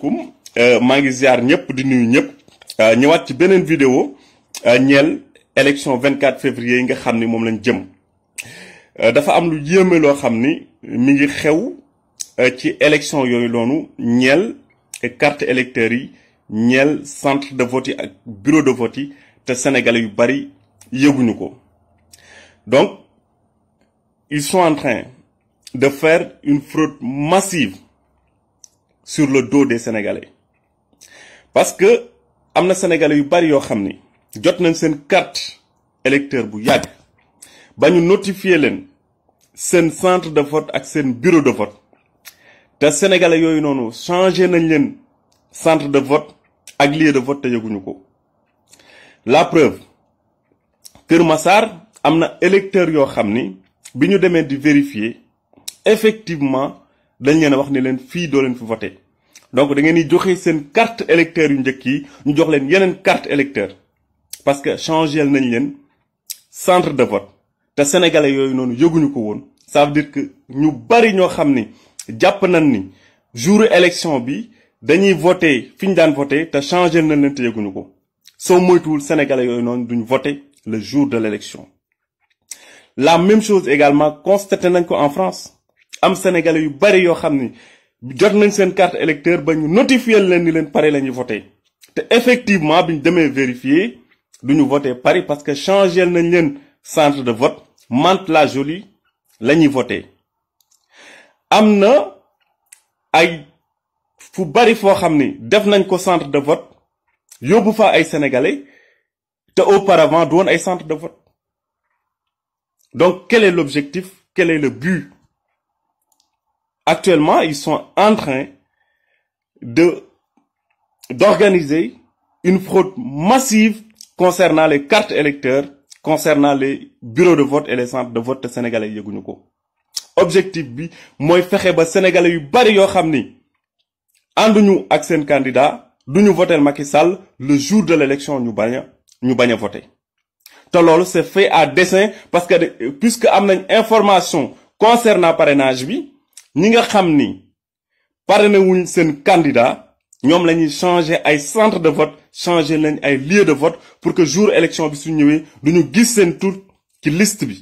kum euh, maa ziar ñëpp di nuyu ñëpp euh, ñëwaat ci beneen vidéo euh, ñeel élection 24 février yi nga xam ni moom lañ jëm dafa am lu yéeme loo xam ni mi ngi xew ci élection yooyu noonu ñeel carte électeurs yi ñeel centre de vote ak bureau de vote yi te sénégalais yu bari yëguñu ko donc ils sont en train de faire une fraude massive sur le dos des sénégalais parce que am na sénégalais yu bari yoo xam ni jot nañ seen carte électeur bu yàgg ba ñu notifier leen seen centre de vote ak seen bureau de vote te sénégalais yooyu noonu changé nañ leen centre de vote ak lieu de vote te yëguñu ko la preuve Kër Massar am na électeur yoo xam ni bi ñu demee di vérifier effectivement dañ leen a wax ni leen fii doo leen fi voté donc da ngeen di joxe seen carte électeur yu njëkk yi ñu jox leen yeneen carte électeur parce que changé nañ leen centre de vote te sénégalais yooyu noonu yëguñu ko woon ça veut dire que ñu bari ñoo xam ni jàpp nañ ni jour élection bi dañuy voté fi ñu daan voté te changé nañ leen te yëguñu ko soo moytuwul sénégalais yooyu noonu duñ voté le jour de l'élection la même chose également constaté nañ ko en France am sénégalais yu bari yoo xam ni jot nañ seen carte électeur ba ñu notifier leen ni leen Paris la ñuy voté te effectivement bi ñu demee vérifier du ñu voté Paris parce que changé nañ leen centre de vote mante la jolie la ñuy voté am na ay fu bari foo xam ni def nañ ko centre de vote yóbbu fa ay sénégalais te auparavant du woon ay centre de vote donc quel est l'objectif quel est le but Actuellement, ils sont en train de d'organiser une fraude massive concernant les cartes électeurs, concernant les bureaux de vote et les centres de vote te sénégalais yëguñu ko. objectif bi mooy fexe ba sénégalais yu bari yoo xam ni ànduñu ak seen candidat duñu voter Macky salle le jour de l'élection ñu bañ a ñu bañ a voter te loolu c'est fait à dessein parce que puisque am nañ information concernant parrainage bi. ñi nga xam ni parrainé wuñ seen candidat ñoom la ñuy changer ay centre de vote changer lañ ay lieu de vote pour que jour élection bi su ñëwee du ñu gis seen tur ci liste bi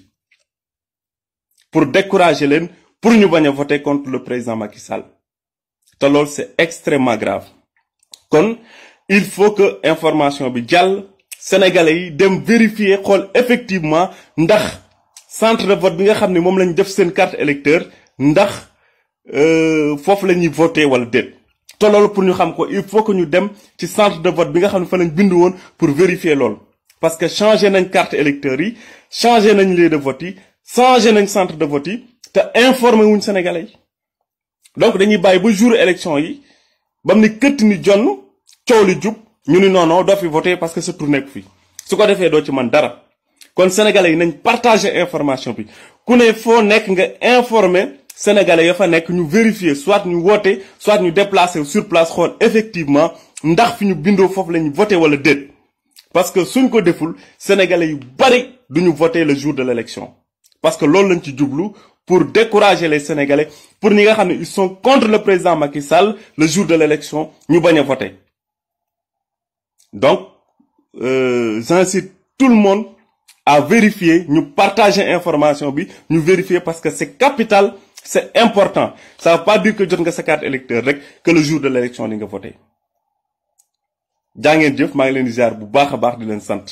pour décourager leen pour ñu bañ a voter contre le président Macky Sall te loolu c'est extrêmement grave kon il faut que information bi jàll sénégalais yi dem vérifier xool effectivement ndax centre de vote bi nga xam ne moom lañ def seen carte électeur ndax Euh, foofu la ñuy voté wala déet te loolu pour ñu xam ko il faut que ñu dem ci centre de vote bi nga xam ne fa lañ bind woon pour vérifier loolu parce que changé nañ carte électeurs yi changé nañ lieu de vote yi changé nañ centre de vote yi te informé wuñ sénégalais yi donc dañuy bàyyi ba jour élection yi bam ni këtt ni jonn coow li jub ñu ni non non doo fi voté parce que sa tour nekk fii su ko defee doo ci man dara kon sénégalais yi nañ partagé information bi ku ne foo nekk nga informé sénégalais ya fa nekk ñu vérifier soit ñu woote soit ñu déplacer sur place xool effectivement ndax fi ñu bindoo foofu la ñu voté wala déet parce que suñ ko deful sénégalais yu bari du ñu voté le jour de l'élection parce que loolu lañ ci jublu pour décourager les sénégalais pour ñi nga xam ne ils sont contre le président Macky Sall le jour de l'élection ñu bañ a voté donc euh, j'incite tout le monde à vérifier ñu partager information bi ñu vérifier parce que c'est capital c'est important ça veut pas dire que jot nga sa carte électeur rek que jour de l'élection li nga voté jaa ngeen jëf maa ngi leen di ziar bu baax a baax di leen sant